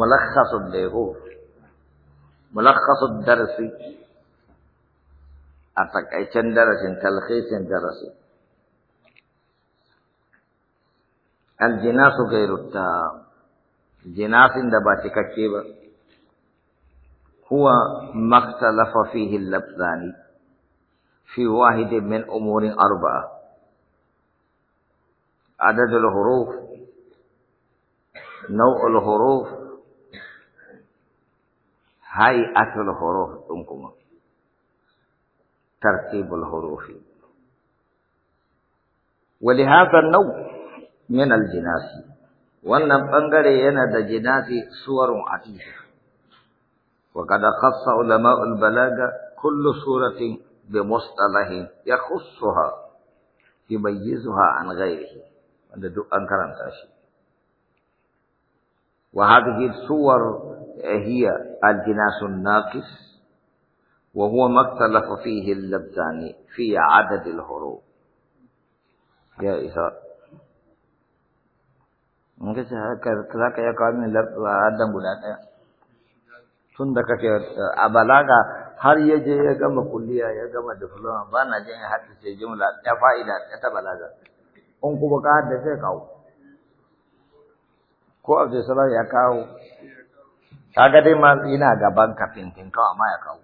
ملخص دیگو ملخص أي اتکیچن درس تلخيص درس الجناس غير التام جناس دباتي تککیبا هو ما اختلف فيه اللبزان في واحد من أمور أربعة عدد الحروف نوع الحروف أصل الحروف ɗin ترتيب الحروف ولهذا النوع من الجناس وأن ɓangare yana da صور عتيقة وقد خص علماء البلاغة كل سورة بمصطلح يخصها يميزها عن غيره عند أنكر وهذه الصور هي الجناس الناقص وهو ما اختلف فيه اللبزان في عدد الهروب يا إسار ممكن كذا كذا كذا من لب آدم بلاتا سن دكا كي أبلا كا هر يجي يجمع كلية يجمع دبلوم بنا جين هات سي جملة تفايدة أنكو بكا دسي كاو كو أبدي سلام يا كاو kaga dai ma ina gaban ka fintin kawai amma ya kawo